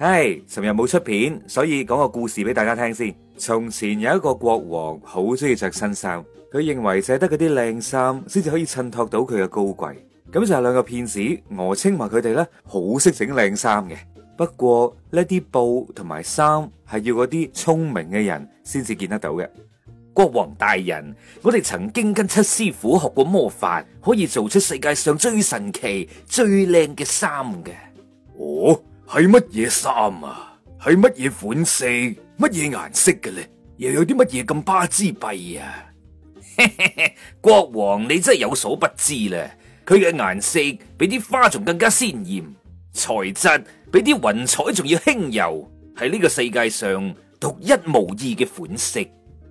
唉，尋日冇出片，所以講個故事俾大家聽先。從前有一個國王，好中意着新衫，佢認為淨係得嗰啲靚衫，先至可以襯托到佢嘅高貴。咁就係兩個騙子，訛稱話佢哋咧好識整靚衫嘅。不過呢啲布同埋衫係要嗰啲聰明嘅人先至見得到嘅。國王大人，我哋曾經跟七師傅學過魔法，可以做出世界上最神奇、最靚嘅衫嘅。哦。係乜嘢衫啊？係乜嘢款式？乜嘢顏色嘅咧？又有啲乜嘢咁巴之閉啊？嘿嘿，國王，你真係有所不知啦！佢嘅顏色比啲花仲更加鮮艷，材質比啲雲彩仲要輕柔，係呢個世界上獨一無二嘅款式。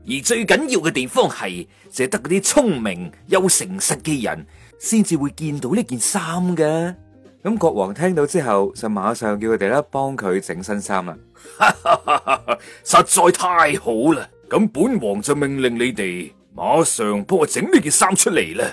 而最緊要嘅地方係，淨係得嗰啲聰明又誠實嘅人先至會見到呢件衫嘅。咁國王聽到之後，就馬上叫佢哋咧幫佢整新衫啦。 實在太好啦！咁本王就命令你哋馬上幫我整呢件衫出嚟啦。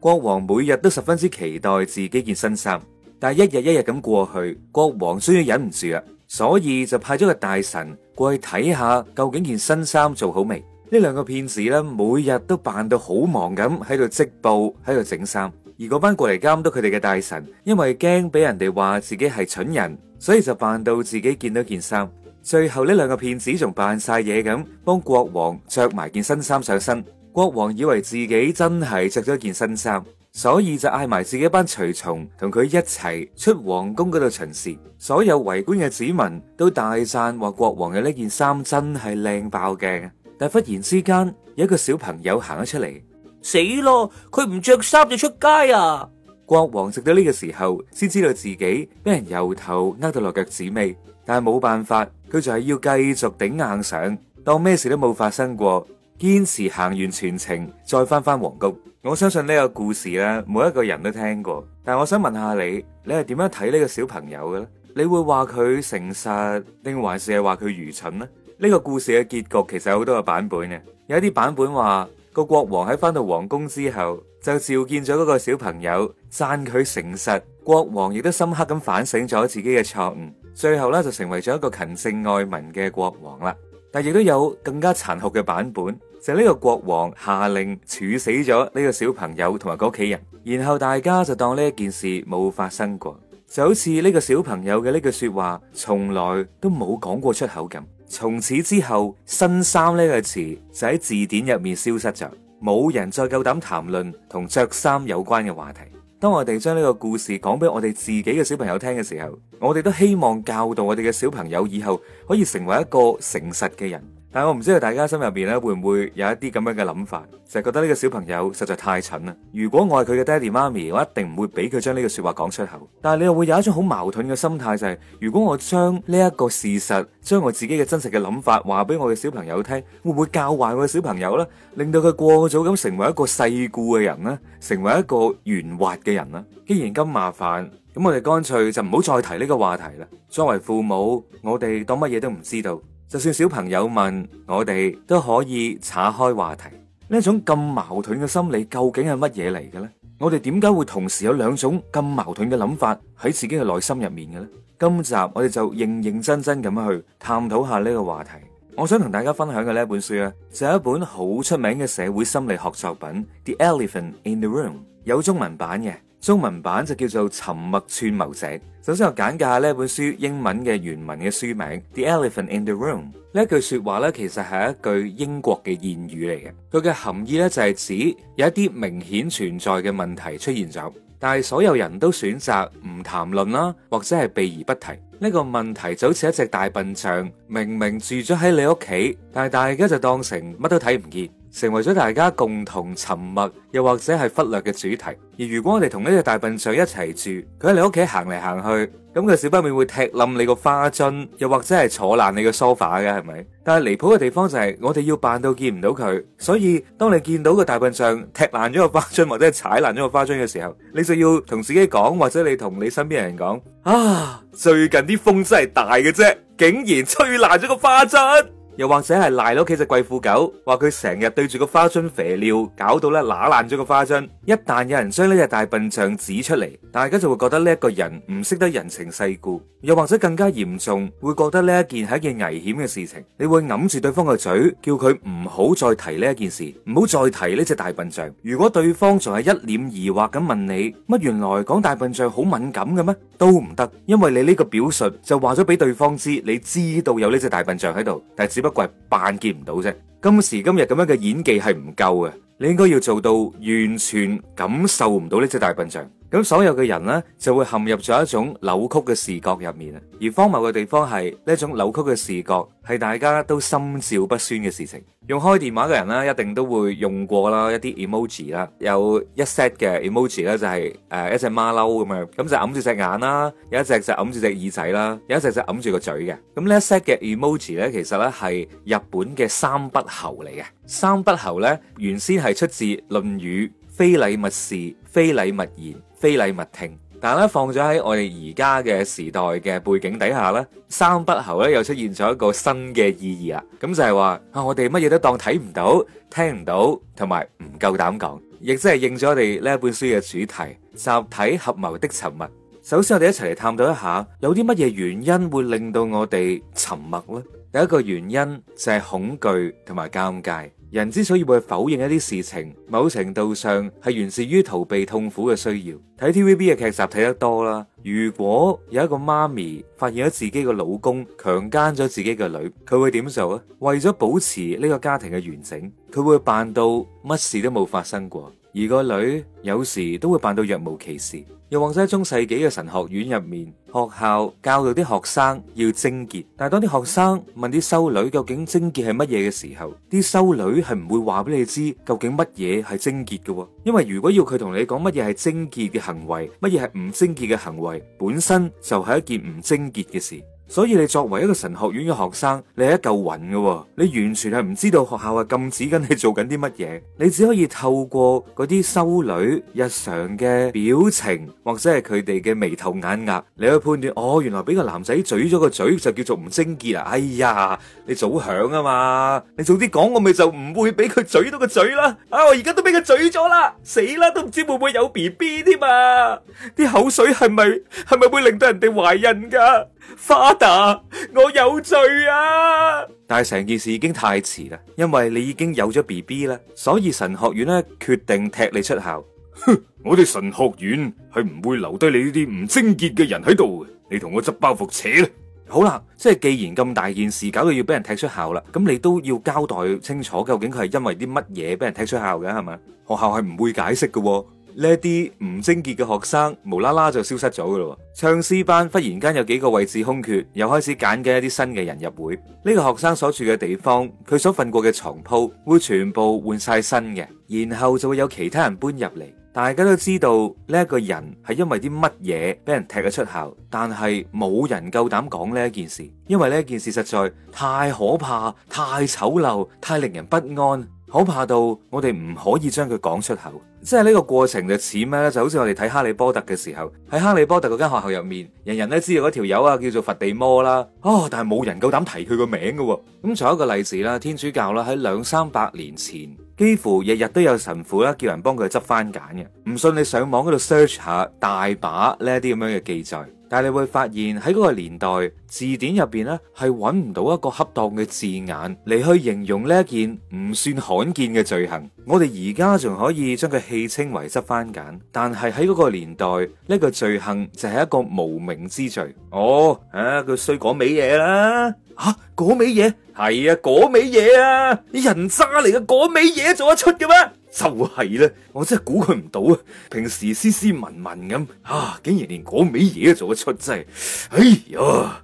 國王每日都十分之期待自己件新衫，但係一日一日咁過去，國王終於忍唔住啦，所以就派咗個大臣過去睇下究竟件新衫做好未。呢兩個騙子咧，每日都扮到好忙咁喺度織布，喺度整衫。而嗰班過嚟監督佢哋嘅大臣，因為驚俾人哋話自己係蠢人，所以就扮到自己見到件衫。最後呢兩個騙子仲扮晒嘢咁，幫國王着埋件新衫上身。國王以為自己真係着咗件新衫，所以就嗌埋自己班隨從同佢一齊出皇宮嗰度巡視。所有圍觀嘅子民都大讚話國王嘅呢件衫真係靚爆鏡。但忽然之間，有一個小朋友行咗出嚟。死咯！佢唔着衫就出街啊！國王直到呢個時候先知道自己俾人由頭呃到落腳趾尾，但係冇辦法，佢就係要繼續頂硬上，當咩事都冇發生過，堅持行完全程再翻翻皇宮。我相信呢個故事咧，每一個人都聽過。但係我想問下你，你係點樣睇呢個小朋友嘅咧？你會話佢誠實，定還是係話佢愚蠢呢？呢、呢個故事嘅結局其實有好多個版本嘅，有一啲版本話。個國王喺翻到皇宮之後，就召見咗嗰個小朋友，讚佢誠實。國王亦都深刻咁反省咗自己嘅錯誤，最後咧就成為咗一個勤政愛民嘅國王啦。但亦都有更加殘酷嘅版本，就係呢個國王下令處死咗呢個小朋友同埋個屋企人，然後大家就當呢一件事冇發生過，就好似呢個小朋友嘅呢句說話從來都冇講過出口咁。從此之後，新衫呢個詞就喺字典入面消失咗，冇人再夠膽談論同着衫有關嘅話題。當我哋將呢個故事講俾我哋自己嘅小朋友聽嘅時候，我哋都希望教導我哋嘅小朋友以後可以成為一個誠實嘅人。但係我唔知道大家心入邊咧，會唔會有一啲咁樣嘅諗法，就係覺得呢個小朋友實在太蠢啦。如果我係佢嘅爹哋媽咪，我一定唔會俾佢將呢個說話講出口。但係你又會有一種好矛盾嘅心態，就係如果我將呢一個事實，將我自己嘅真實嘅諗法話俾我嘅小朋友聽，會唔會教壞我嘅小朋友呢？令到佢過早咁成為一個世故嘅人啦，成為一個圓滑嘅人啦。既然咁麻煩，咁我哋乾脆就唔好再提呢個話題啦。作為父母，我哋當乜嘢都唔知道。就算小朋友問我哋，都可以岔開話題。呢種咁矛盾嘅心理，究竟係乜嘢嚟嘅咧？我哋點解會同時有兩種咁矛盾嘅諗法喺自己嘅內心入面嘅咧？今集我哋就認認真真咁去探討下呢個話題。我想同大家分享嘅呢本書啊，就係一本好出名嘅社會心理學作品《The Elephant in the Room》，有中文版嘅，中文版就叫做《沉默串謀者》。首先我簡介下呢本書英文嘅原文嘅書名 The Elephant in the Room。呢句說話，呢，其實係一句英國嘅諺語嚟嘅。佢嘅含義呢，就係指有一啲明顯存在嘅問題出現咗，但係所有人都選擇唔談論啦，或者係避而不提。呢個問題就好似一隻大笨象，明明住咗喺你屋企，但係大家就當成乜都睇唔見。成為咗大家共同沉默又或者係忽略嘅主題。而如果我哋同一隻大笨象一齊住，佢喺你屋企行嚟行去，咁佢小不免會踢冧你個花樽，又或者係坐爛你個 sofa 嘅係咪？但係離譜嘅地方就係我哋要扮到見唔到佢。所以當你見到個大笨象踢爛咗個花樽或者係踩爛咗個花樽嘅時候，你就要同自己講，或者你同你身邊人講：啊，最近啲風真係大嘅啫，竟然吹爛咗個花樽！又或者係賴咗屋企隻貴婦狗，話佢成日對住個花樽吠尿，搞到咧乸爛咗個花樽。一旦有人將呢隻大笨象指出嚟，大家就會覺得呢一個人唔識得人情世故，又或者更加嚴重，會覺得呢一件係一件危險嘅事情。你會揞住對方嘅嘴，叫佢唔好再提呢一件事，唔好再提呢隻大笨象。如果對方仲係一臉疑惑咁問你乜，原來講大笨象好敏感嘅咩？都唔得，因為你呢個表述就話咗俾對方知，你知道有呢隻大笨象喺度，但係只不過。不過係扮見唔到啫，今時今日咁樣嘅演技係唔夠嘅，你應該要做到完全感受唔到呢隻大笨象。咁所有嘅人咧，就會陷入咗一種扭曲嘅視覺入面啊！而荒謬嘅地方係呢一種扭曲嘅視覺，係大家都心照不宣嘅事情。用開電話嘅人咧，一定都會用過啦，一啲 emoji 啦，有一 set 嘅 emoji 咧就係誒一隻馬騮咁樣，咁就揞住隻眼啦，有一隻就揞住隻耳仔啦，有一隻就揞住個嘴嘅。咁呢一 set 嘅 emoji 咧，其實咧係日本嘅三不猴嚟嘅。三不猴咧原先係出自《論語》，非禮勿視，非禮勿言。非禮勿聽，但係咧放咗喺我哋而家嘅時代嘅背景底下咧，三不猴咧又出現咗一個新嘅意義啊！咁就係話我哋乜嘢都當睇唔到、聽唔到，同埋唔夠膽講，亦即係應咗我哋呢一本書嘅主題：集體合謀的沉默。首先，我哋一齊嚟探討一下，有啲乜嘢原因會令到我哋沉默咧？第一個原因就係恐懼同埋尷尬。人之所以會否認一啲事情，某程度上係源自於逃避痛苦嘅需要。睇 TVB 嘅劇集睇得多啦，如果有一個媽咪發現咗自己個老公強姦咗自己嘅女，佢會點做啊？為咗保持呢個家庭嘅完整，佢會扮到乜事都冇發生過。而個女有時都會扮到若無其事，又或者喺中世紀嘅神學院入面，學校教導啲學生要貞潔。但係當啲學生問啲修女究竟貞潔係乜嘢嘅時候，啲修女係唔會話俾你知究竟乜嘢係貞潔嘅。因為如果要佢同你講乜嘢係貞潔嘅行為，乜嘢係唔貞潔嘅行為，本身就係一件唔貞潔嘅事。所以你作為一個神學院嘅學生，你係一嚿雲嘅，哦，你完全係唔知道學校係禁止緊你做緊啲乜嘢。你只可以透過嗰啲修女日常嘅表情或者係佢哋嘅眉頭眼額你去判斷。哦，原來俾個男仔嘴咗個嘴就叫做唔貞潔啊！哎呀，你早響啊嘛，你早啲講我咪就唔會俾佢嘴到個嘴啦。啊，我而家都俾佢嘴咗啦，死啦，都唔知會唔會有 B B 添啊！啲口水係咪係咪會令到人哋懷孕噶？Father，我有罪啊！但係成件事已經太遲啦，因為你已經有咗 BB 啦，所以神學院咧決定踢你出校。哼， 我哋神學院係唔會留低你呢啲唔貞潔嘅人喺度，你同我執包袱扯啦。好啦，即係既然咁大件事搞到要俾人踢出校啦，咁你都要交代清楚，究竟佢係因為啲乜嘢俾人踢出校嘅，係咪？學校係唔會解釋嘅喎。呢啲唔貞潔嘅學生，無啦啦就消失咗㗎喇。唱詩班忽然間有幾個位置空缺，又開始揀緊一啲新嘅人入會。呢、這個學生所住嘅地方，佢所瞓過嘅床鋪會全部換晒新嘅，然後就會有其他人搬入嚟。大家都知道呢一、這個人係因為啲乜嘢俾人踢咗出校，但係冇人夠膽講呢一件事，因為呢件事實在太可怕、太醜陋、太令人不安。可怕到我哋唔可以將佢講出口，即係呢個過程就似咩呢？就好似我哋睇《哈利波特》嘅時候，喺《哈利波特》嗰間學校入面，人人都知道嗰條友啊叫做佛地魔啦，啊、哦！但係冇人夠膽提佢個名嘅。咁、嗯、仲有一個例子啦，天主教啦，喺兩三百年前，幾乎日日都有神父啦，叫人幫佢執番揀嘅。唔信你上網嗰度 search 下，大把呢啲咁樣嘅記載。但係你會發現喺嗰個年代字典入邊咧係揾唔到一個恰當嘅字眼嚟去形容呢一件唔算罕見嘅罪行。我哋而家仲可以將佢戲稱為執番簡，但係喺嗰個年代呢、呢個罪行就係一個無名之罪。哦，啊，佢衰果味嘢啦，吓果味嘢係啊果味嘢啊，啲、啊啊、人渣嚟嘅果味嘢做得出嘅咩？就係啦，我真係估佢唔到啊！平時斯斯文文咁，啊，竟然連嗰味嘢都做得出，真係，哎呀！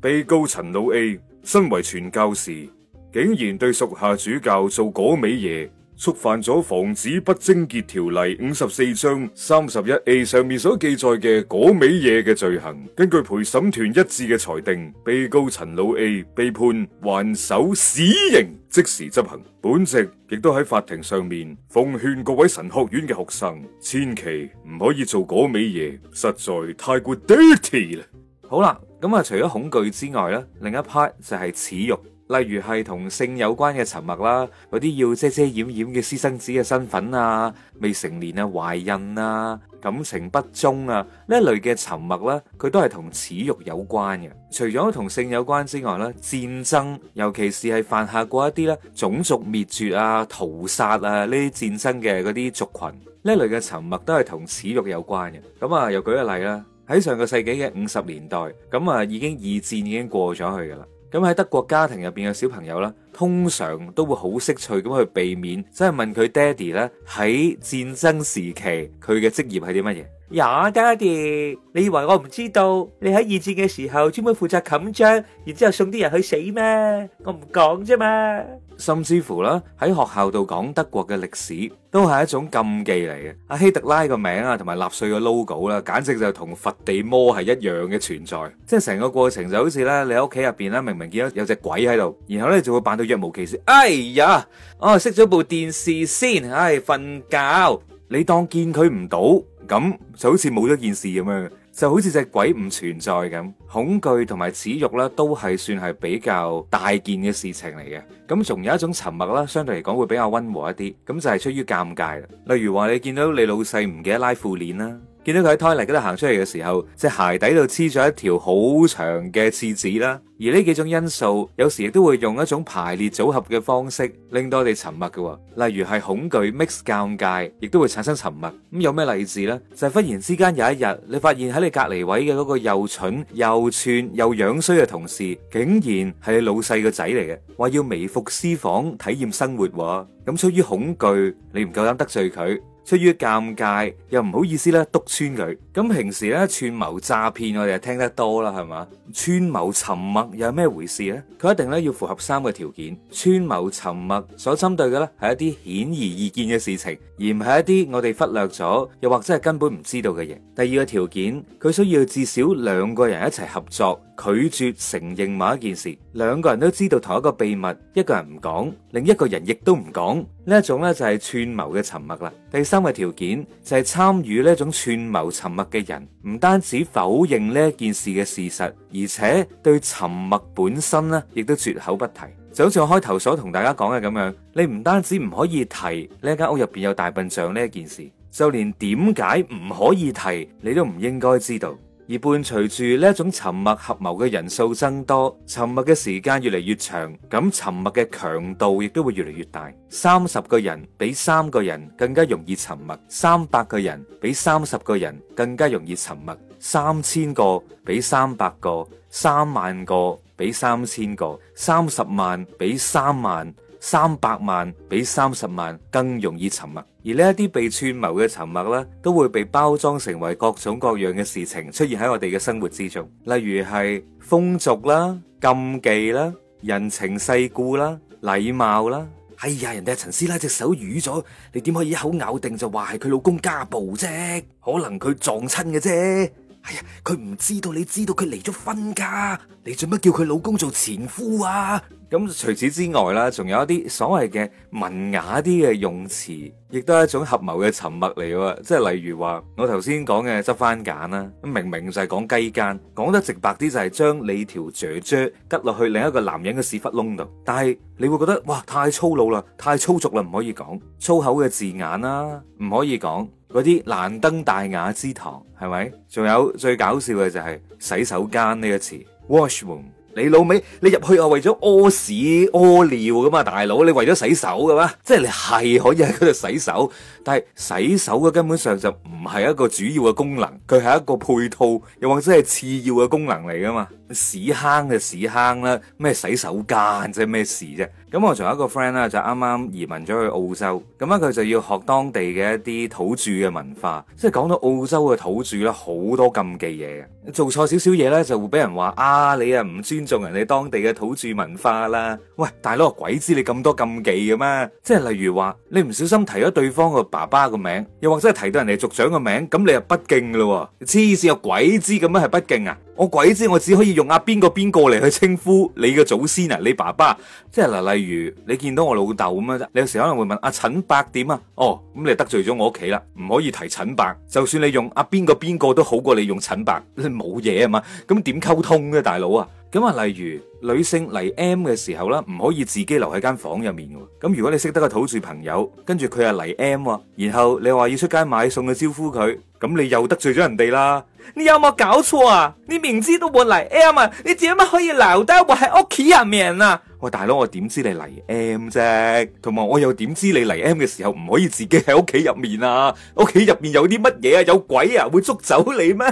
被告陳老 A 身為傳教士，竟然對屬下主教做嗰味嘢。觸犯咗《防止不貞潔條例》五十四章三十一 A 上面所記載嘅果美嘢嘅罪行，根據陪審團一致嘅裁定，被告陳老 A 被判還手死刑，即時執行。本席亦都喺法庭上面奉勸各位神學院嘅學生，千祈唔可以做果美嘢，實在太過 dirty 啦。好啦，咁啊，除咗恐懼之外咧，另一 part 就係恥辱。例如係同性有關嘅沉默啦，嗰啲要遮遮掩掩嘅私生子嘅身份啊、未成年啊、懷孕啊、感情不忠啊呢一類嘅沉默啦，佢都係同恥辱有關嘅。除咗同性有關之外咧，戰爭，尤其是係犯下過一啲咧種族滅絕啊、屠殺啊呢啲戰爭嘅嗰啲族群，呢一類嘅沉默都係同恥辱有關嘅。咁啊，又舉個例啦，喺上個世紀嘅五十年代，咁啊已經二戰已經過咗去噶啦。咁喺德國家庭入邊嘅小朋友啦，通常都會好識趣咁去避免，即係問佢爹哋咧，喺戰爭時期佢嘅職業係啲乜嘢？呀，爹哋，你以為我唔知道你喺二戰嘅時候專門負責冚章，然之後送啲人去死咩？我唔講啫嘛。甚至乎啦，喺學校度講德國嘅歷史都係一種禁忌嚟嘅。阿希特拉個名啊，同埋納粹嘅 logo 啦，簡直就同佛地魔係一樣嘅存在。即係成個過程就好似咧，你喺屋企入邊咧，明明見到有隻鬼喺度，然後咧就會扮到若無其事。哎呀，我熄咗部電視先，唉，瞓覺。你當見佢唔到，咁就好似冇咗一件事咁樣。就好似隻鬼唔存在咁，恐懼同埋恥辱咧，都係算係比較大件嘅事情嚟嘅。咁仲有一種沉默啦，相對嚟講會比較温和一啲，咁就係出於尷尬啦。例如話你見到你老細唔記得拉褲鏈啦。見到佢喺胎嚟嗰度行出嚟嘅時候，隻鞋底度黐咗一條好長嘅廁紙啦。而呢幾種因素，有時亦都會用一種排列組合嘅方式，令到我哋沉默嘅。例如係恐懼 mix 尷尬，亦都會產生沉默。咁有咩例子呢？就係忽然之間有一日，你發現喺你隔籬位嘅嗰個又蠢又串又樣衰嘅同事，竟然係你老細個仔嚟嘅，話要微服私訪體驗生活喎，咁出於恐懼，你唔夠膽得罪佢。出於尷尬又唔好意思咧，督穿佢。咁平時咧，串謀詐騙我哋就聽得多啦，係嘛？串謀沉默又係咩回事呢？佢一定咧，要符合三個條件。串謀沉默所針對嘅咧，係一啲顯而易見嘅事情，而唔係一啲我哋忽略咗又或者係根本唔知道嘅嘢。第二個條件，佢需要至少兩個人一齊合作，拒絕承認某一件事。兩個人都知道同一個秘密，一個人唔講，另一個人亦都唔講。呢一種呢就係串謀嘅沉默啦。第三個條件就係參與呢一種串謀沉默嘅人，唔單止否認呢件事嘅事實，而且對沉默本身呢亦都絕口不提。就好似我開頭所同大家講嘅咁樣，你唔單止唔可以提呢間屋入邊有大笨象呢件事，就連點解唔可以提，你都唔應該知道。而伴隨住呢一種沉默合謀嘅人數增多，沉默嘅時間越嚟越長，咁沉默嘅強度亦都會越嚟越大。三十個人比三個人更加容易沉默，三百個人比三十個人更加容易沉默，三千個比三百個，三萬個比三千個，三十萬比三萬。30, 000, 三百萬比三十萬更容易沉默，而呢一啲被串謀嘅沉默呢，都會被包裝成為各種各樣嘅事情出現喺我哋嘅生活之中，例如係風俗啦、禁忌啦、人情世故啦、禮貌啦。哎呀，人哋陳師奶隻手瘀咗，你點可以一口咬定就話係佢老公家暴啫？可能佢撞親嘅啫。哎呀，佢唔知道，你知道佢離咗婚噶，你做乜叫佢老公做前夫啊？咁、嗯、除此之外啦，仲有一啲所謂嘅文雅啲嘅用詞，亦都係一種合謀嘅沉默嚟嘅。即係例如話我頭先講嘅執番揀啦，明明就係講雞奸，講得直白啲就係將你條雀雀吉落去另一個男人嘅屎忽窿度，但係你會覺得哇太粗魯啦，太粗俗啦，唔可以講粗口嘅字眼啦，唔可以講。嗰啲難登大雅之堂，係咪？仲有最搞笑嘅就係洗手間呢個詞，washroom。Wash room. 你老味，你入去啊，為咗屙屎屙尿㗎嘛，大佬，你為咗洗手㗎嘛？即係你係可以喺嗰度洗手，但係洗手嘅根本上就唔係一個主要嘅功能，佢係一個配套，又或者係次要嘅功能嚟噶嘛。屎坑就屎坑啦，咩洗手間即係咩事啫？咁我仲有一個 friend 啦，就啱啱移民咗去澳洲，咁咧佢就要學當地嘅一啲土著嘅文化，即係講到澳洲嘅土著咧，好多禁忌嘢嘅，做錯少少嘢咧就會俾人話啊你啊唔專。做人哋當地嘅土著文化啦。喂，大佬，鬼知你咁多禁忌嘅咩？即係例如話你唔小心提咗對方個爸爸個名，又或者係提到人哋族長個名，咁你又不敬咯，啊？黐線！又鬼知咁樣係不敬啊？我鬼知，我只可以用阿邊個邊個嚟去稱呼你嘅祖先嗱，啊，你爸爸，即係嗱。例如你見到我老豆咁樣啫，你有時可能會問阿陳、啊、伯點啊？哦，咁你得罪咗我屋企啦，唔可以提陳伯。就算你用阿邊個邊個都好過你用陳伯，你冇嘢啊嘛？咁點溝通嘅大佬啊？咁啊，例如女性嚟 M 嘅時候咧，唔可以自己留喺間房入面嘅。咁如果你識得個土著朋友，跟住佢啊嚟 M，然後你又話要出街買餸嘅招呼佢，咁你又得罪咗人哋啦。你有冇搞錯啊？你明知都冇嚟 M 啊，你點解可以留低我喺屋企入面啊？喂，大佬，我點知你嚟 M 啫、啊？同埋，我又點知你嚟 M 嘅時候唔可以自己喺屋企入面啊？屋企入面有啲乜嘢啊？有鬼啊？會捉走你咩？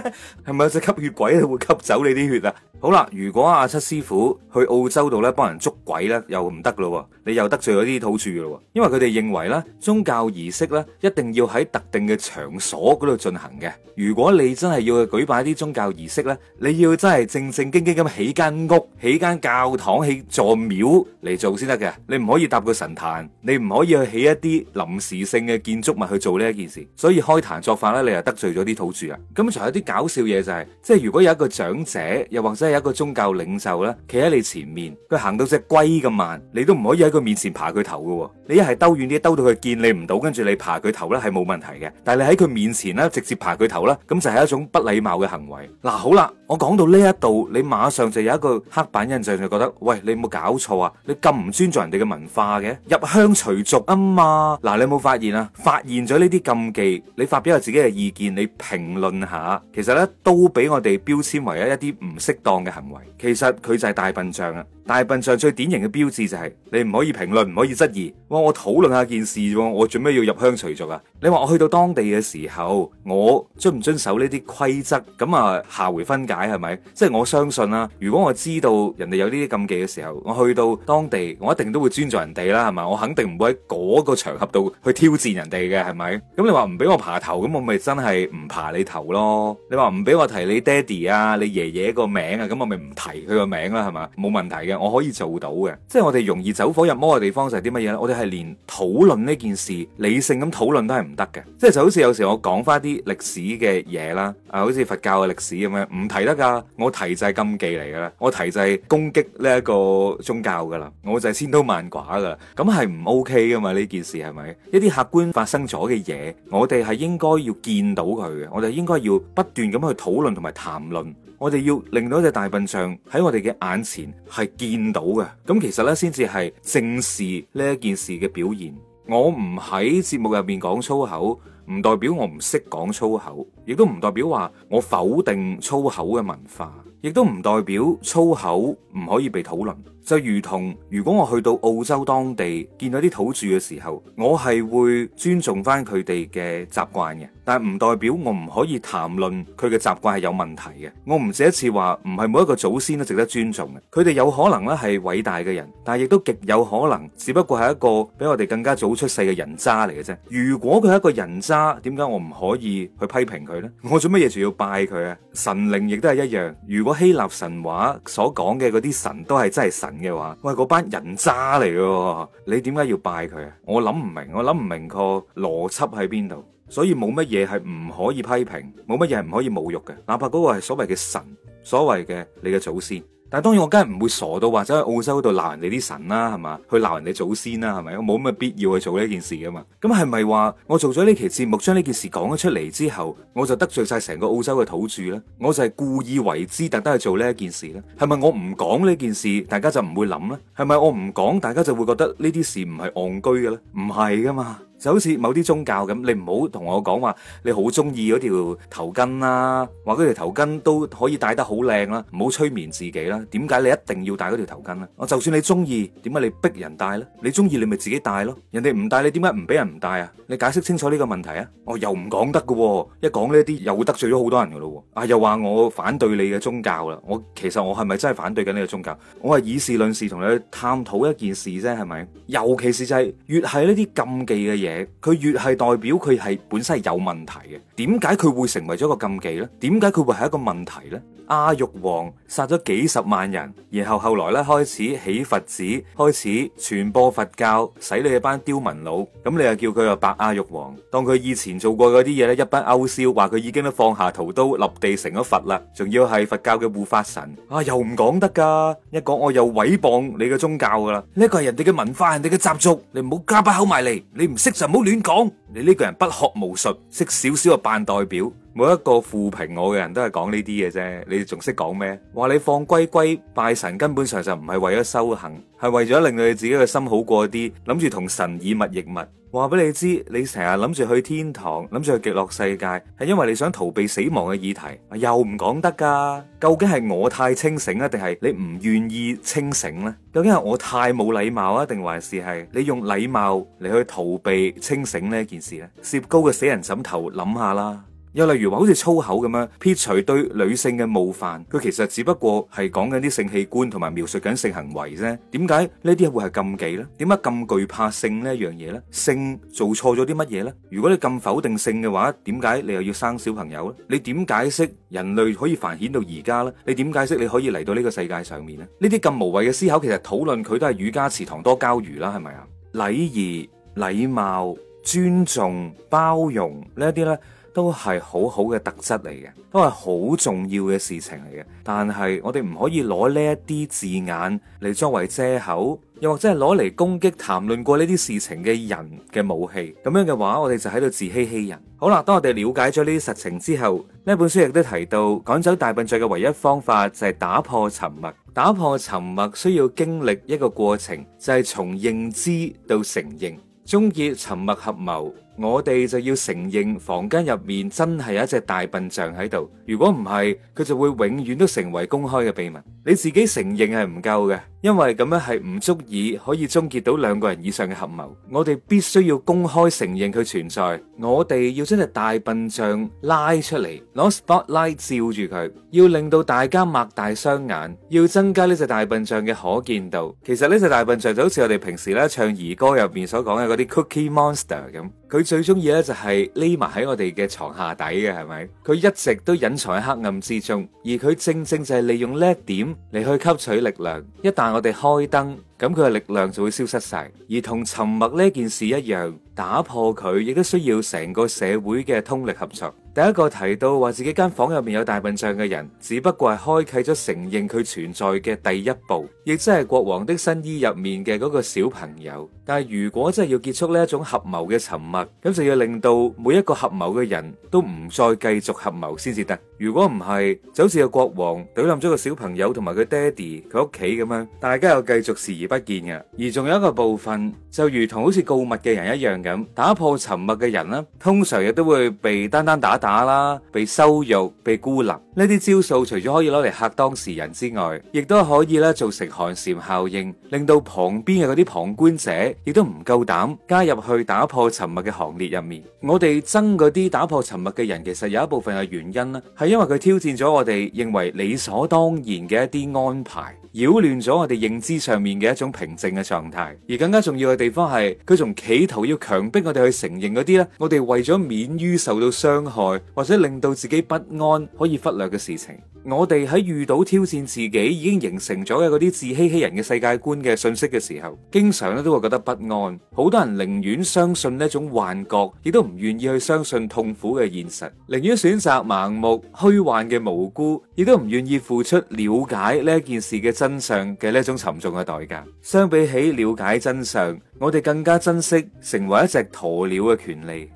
係咪有隻吸血鬼會吸走你啲血啊？好啦，如果阿、啊、七師傅去澳洲度咧幫人捉鬼咧，又唔得咯？你又得罪咗啲土著咯？因為佢哋認為咧宗教儀式咧一定要喺特定嘅場所嗰度進行嘅。如果你真係要，舉辦一啲宗教儀式咧，你要真係正正經經咁起間屋、起間教堂、起座廟嚟做先得嘅。你唔可以搭個神壇，你唔可以去起一啲臨時性嘅建築物去做呢一件事。所以開壇作法咧，你又得罪咗啲土著啊。咁仲有啲搞笑嘢就係、是，即係如果有一個長者，又或者係一個宗教領袖咧，企喺你前面，佢行到隻龜咁慢，你都唔可以喺佢面前爬佢頭噶。你遠一係兜遠啲，兜到佢見你唔到，跟住你爬佢頭咧係冇問題嘅。但係你喺佢面前咧，直接爬佢頭啦，咁就係一種不利禮貌嘅行為嗱、啊，好啦，我講到呢一度，你馬上就有一個刻板印象，就覺得喂，你有冇搞錯啊？你咁唔尊重人哋嘅文化嘅，入鄉隨俗啊嘛。嗱、啊，你有冇發現啊？發現咗呢啲禁忌，你發表下自己嘅意見，你評論下，其實呢，都俾我哋標籤為一一啲唔適當嘅行為，其實佢就係大笨象啊。大笨象最典型嘅標誌就係、是、你唔可以評論，唔可以質疑。哇！我討論下件事喎，我做咩要入鄉隨俗啊？你話我去到當地嘅時候，我遵唔遵守呢啲規則，咁啊，下回分解係咪？即係、就是、我相信啦。如果我知道人哋有呢啲禁忌嘅時候，我去到當地，我一定都會尊重人哋啦，係嘛？我肯定唔會喺嗰個場合度去挑戰人哋嘅，係咪？咁你話唔俾我爬頭，咁我咪真係唔爬你頭咯？你話唔俾我提你爹哋啊、你爺爺個名啊，咁我咪唔提佢個名啦，係嘛？冇問題嘅。我可以做到嘅，即係我哋容易走火入魔嘅地方就係啲乜嘢咧？我哋係連討論呢件事，理性咁討論都係唔得嘅。即係就好似有時我講翻啲歷史嘅嘢啦，啊，好似佛教嘅歷史咁樣，唔提得噶，我提就係禁忌嚟噶啦，我提就係攻擊呢一個宗教噶啦，我就係千刀萬剮噶啦，咁係唔 OK 噶嘛？呢件事係咪？一啲客觀發生咗嘅嘢，我哋係應該要見到佢嘅，我哋應該要不斷咁去討論同埋談論。我哋要令到一隻大笨象喺我哋嘅眼前係見到嘅，咁其實咧先至係正視呢一件事嘅表現。我唔喺節目入面講粗口，唔代表我唔識講粗口，亦都唔代表話我否定粗口嘅文化，亦都唔代表粗口唔可以被討論。就如同如果我去到澳洲當地見到啲土著嘅時候，我係會尊重翻佢哋嘅習慣嘅，但係唔代表我唔可以談論佢嘅習慣係有問題嘅。我唔止一次話，唔係每一個祖先都值得尊重嘅，佢哋有可能咧係偉大嘅人，但係亦都極有可能，只不過係一個比我哋更加早出世嘅人渣嚟嘅啫。如果佢係一個人渣，點解我唔可以去批評佢咧？我做乜嘢仲要拜佢啊？神靈亦都係一樣。如果希臘神話所講嘅嗰啲神都係真係神。嘅話，喂，嗰班人渣嚟嘅，你點解要拜佢啊？我諗唔明，我諗唔明個邏輯喺邊度，所以冇乜嘢係唔可以批評，冇乜嘢係唔可以侮辱嘅，哪怕嗰個係所謂嘅神，所謂嘅你嘅祖先。但係當然我梗係唔會傻到或者喺澳洲嗰度鬧人哋啲神啦、啊，係嘛，去鬧人哋祖先啦、啊，係咪？我冇乜必要去做呢件事噶嘛。咁係咪話我做咗呢期節目，將呢件事講咗出嚟之後，我就得罪晒成個澳洲嘅土著呢？我就係故意為之，特登去做呢一件事呢？係咪我唔講呢件事，大家就唔會諗呢？係咪我唔講，大家就會覺得呢啲事唔係戇居嘅咧？唔係噶嘛？就好似某啲宗教咁，你唔好同我講話，你好中意嗰條頭巾啦，話嗰條頭巾都可以戴得好靚啦，唔好催眠自己啦。點解你一定要戴嗰條頭巾呢？我就算你中意，點解你逼人戴呢？你中意你咪自己戴咯，人哋唔戴你點解唔俾人唔戴啊？你解釋清楚呢個問題啊！我又唔講得噶，一講呢啲又得罪咗好多人噶咯，啊又話我反對你嘅宗教啦。我其實我係咪真係反對緊你嘅宗教？我係以事論事，同你去探討一件事啫，係咪？尤其是就係越係呢啲禁忌嘅嘢。佢越係代表佢係本身係有問題嘅。點解佢會成為咗個禁忌呢？點解佢會係一個問題呢？阿育王殺咗幾十萬人，然後後來咧開始起佛寺，開始傳播佛教，使你一班刁民佬，咁你又叫佢又白阿育王，當佢以前做過嗰啲嘢咧一筆勾銷，話佢已經都放下屠刀，立地成咗佛啦，仲要係佛教嘅護法神啊，又唔講得噶，一講我又毀謗你嘅宗教噶啦，呢一個係人哋嘅文化，人哋嘅習俗，你唔好夾把口埋嚟，你唔識。就唔好亂講，你呢個人不學無術，識少少嘅扮代表。每一個負評我嘅人都係講呢啲嘢啫，你仲識講咩？話你放龜龜拜神，根本上就唔係為咗修行，係為咗令到你自己嘅心好過啲，諗住同神以物易物。話俾你知，你成日諗住去天堂，諗住去極樂世界，係因為你想逃避死亡嘅議題，又唔講得噶。究竟係我太清醒啊，定係你唔願意清醒呢？究竟係我太冇禮貌啊，定還是係你用禮貌嚟去逃避清醒呢件事呢？攝高嘅死人枕頭想想想，諗下啦。又例如話，好似粗口咁樣撇除對女性嘅冒犯，佢其實只不過係講緊啲性器官同埋描述緊性行為啫。點解呢啲會係禁忌呢？點解咁懼怕性呢一樣嘢呢？性做錯咗啲乜嘢呢？如果你咁否定性嘅話，點解你又要生小朋友呢？你點解釋人類可以繁衍到而家呢？你點解釋你可以嚟到呢個世界上面呢？呢啲咁無謂嘅思考，其實討論佢都係儒家祠堂多膠魚啦，係咪啊？禮儀、禮貌、尊重、包容呢一啲呢。都係好好嘅特質嚟嘅，都係好重要嘅事情嚟嘅。但係我哋唔可以攞呢一啲字眼嚟作為遮口，又或者係攞嚟攻擊談論過呢啲事情嘅人嘅武器。咁樣嘅話，我哋就喺度自欺欺人。好啦，當我哋了解咗呢啲實情之後，呢本書亦都提到，趕走大笨象嘅唯一方法就係打破沉默。打破沉默需要經歷一個過程，就係從認知到承認，終結沉默合謀。我哋就要承認房間入面真係有一隻大笨象喺度。如果唔係，佢就會永遠都成為公開嘅秘密。你自己承認係唔夠嘅，因為咁樣係唔足以可以終結到兩個人以上嘅合謀。我哋必須要公開承認佢存在。我哋要將隻大笨象拉出嚟，攞 spotlight 照住佢，要令到大家擘大雙眼，要增加呢隻大笨象嘅可見度。其實呢隻大笨象就好似我哋平時咧唱兒歌入面所講嘅嗰啲 Cookie Monster 咁。佢最中意咧就係匿埋喺我哋嘅床下底嘅，係咪？佢一直都隱藏喺黑暗之中，而佢正正就係利用呢一點嚟，去吸取力量。一旦我哋開燈，咁佢嘅力量就會消失晒。而同沉默呢件事一樣，打破佢亦都需要成個社會嘅通力合作。第一個提到話自己間房入面有大笨象嘅人，只不過係開啟咗承認佢存在嘅第一步，亦即係國王的新衣入面嘅嗰個小朋友。但係如果真係要結束呢一種合謀嘅沉默，咁就要令到每一個合謀嘅人都唔再繼續合謀先至得。如果唔係，就好似個國王懟冧咗個小朋友同埋佢爹哋佢屋企咁樣，大家又繼續視而不見嘅。而仲有一個部分，就如同好似告密嘅人一樣咁，打破沉默嘅人啦，通常亦都會被單單打。打啦，被羞辱、被孤立，呢啲招數除咗可以攞嚟嚇當事人之外，亦都可以咧造成寒蟬效應，令到旁邊嘅嗰啲旁觀者亦都唔夠膽加入去打破沉默嘅行列入面。我哋憎嗰啲打破沉默嘅人，其實有一部分嘅原因呢，係因為佢挑戰咗我哋認為理所當然嘅一啲安排。擾亂咗我哋認知上面嘅一種平靜嘅狀態，而更加重要嘅地方係，佢仲企圖要強迫我哋去承認嗰啲咧，我哋為咗免於受到傷害或者令到自己不安可以忽略嘅事情。我哋喺遇到挑戰，自己已經形成咗嘅嗰啲自欺欺人嘅世界觀嘅信息嘅時候，經常咧都會覺得不安。好多人寧願相信呢種幻覺，亦都唔願意去相信痛苦嘅現實，寧願選擇盲目虛幻嘅無辜，亦都唔願意付出了解呢一件事嘅真相嘅呢種沉重嘅代價。相比起了解真相，我哋更加珍惜成為一隻鴕鳥嘅權利。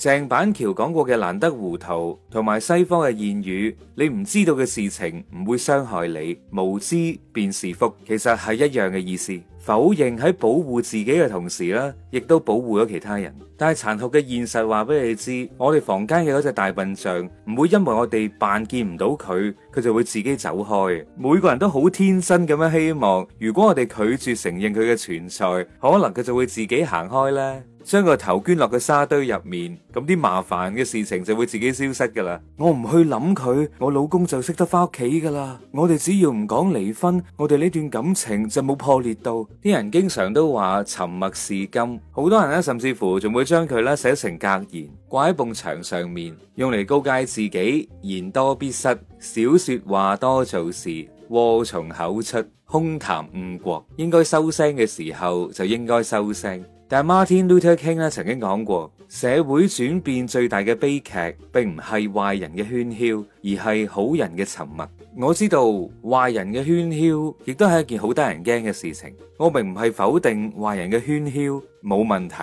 鄭板橋講過嘅難得糊塗，同埋西方嘅諺語，你唔知道嘅事情唔會傷害你，無知便是福，其實係一樣嘅意思。否認喺保護自己嘅同時啦，亦都保護咗其他人。但係殘酷嘅現實話俾你知，我哋房間嘅嗰隻大笨象唔會因為我哋扮見唔到佢。佢就會自己走開。每個人都好天真咁樣希望，如果我哋拒絕承認佢嘅存在，可能佢就會自己行開咧，將個頭捐落個沙堆入面，咁啲麻煩嘅事情就會自己消失噶啦。我唔去諗佢，我老公就識得返屋企噶啦。我哋只要唔講離婚，我哋呢段感情就冇破裂到。啲人經常都話沉默是金，好多人咧，甚至乎仲會將佢咧寫成格言，掛喺埲牆上面，用嚟告誡自己：言多必失。少說話多做事，禍從口出，空談誤國。應該收聲嘅時候就應該收聲。但係 Martin Luther King 咧曾經講過：社會轉變最大嘅悲劇，並唔係壞人嘅喧囂，而係好人嘅沉默。我知道壞人嘅喧囂亦都係一件好得人驚嘅事情。我並唔係否定壞人嘅喧囂冇問題，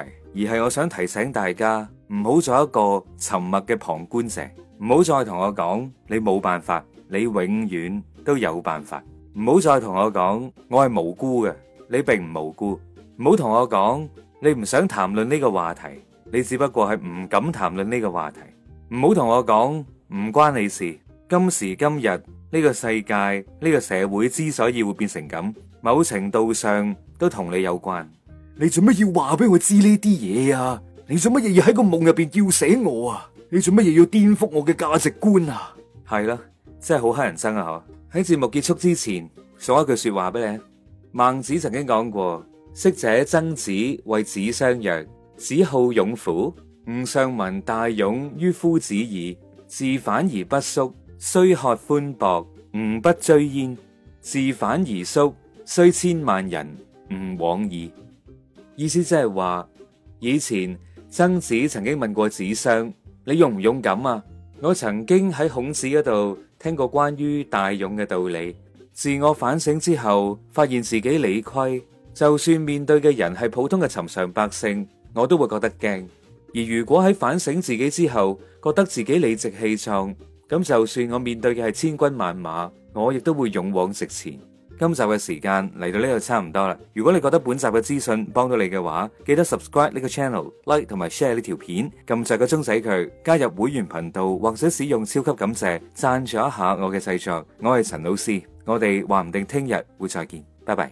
而係我想提醒大家唔好做一個沉默嘅旁觀者。唔好再同我講你冇辦法，你永遠都有辦法。唔好再同我講我係無辜嘅，你並唔無辜。唔好同我講你唔想談論呢個話題，你只不過係唔敢談論呢個話題。唔好同我講唔關你事。今時今日呢個世界呢個社會之所以會變成咁，某程度上都同你有關。你做乜要話俾我知呢啲嘢啊？你做乜嘢要喺個夢入邊叫醒我啊？你做乜嘢要顛覆我嘅價值觀啊？係啦，真係好乞人憎啊！喺節目結束之前，送一句說話俾你。孟子曾經講過，昔者曾子為子相曰，子好勇乎。吾嘗聞大勇於夫子矣。自反而不縮，雖褐寬博，吾不追焉；自反而縮，雖千萬人，吾往矣。意思即係話，以前曾子曾經問過子商。你勇唔勇敢啊？我曾經喺孔子嗰度聽過關於大勇嘅道理，自我反省之後，發現自己理虧。就算面對嘅人係普通嘅尋常百姓，我都會覺得驚。而如果喺反省自己之後，覺得自己理直氣壯，咁就算我面對嘅係千軍萬馬，我亦都會勇往直前。今集嘅時間嚟到呢度差唔多啦。如果你覺得本集嘅資訊幫到你嘅話，記得 subscribe 呢個 channel、like 同埋 share 呢條片，撳著個鐘仔佢加入會員頻道，或者使用超級感謝贊助一下我嘅製作。我係陳老 C，我哋話唔定聽日會再見，拜拜。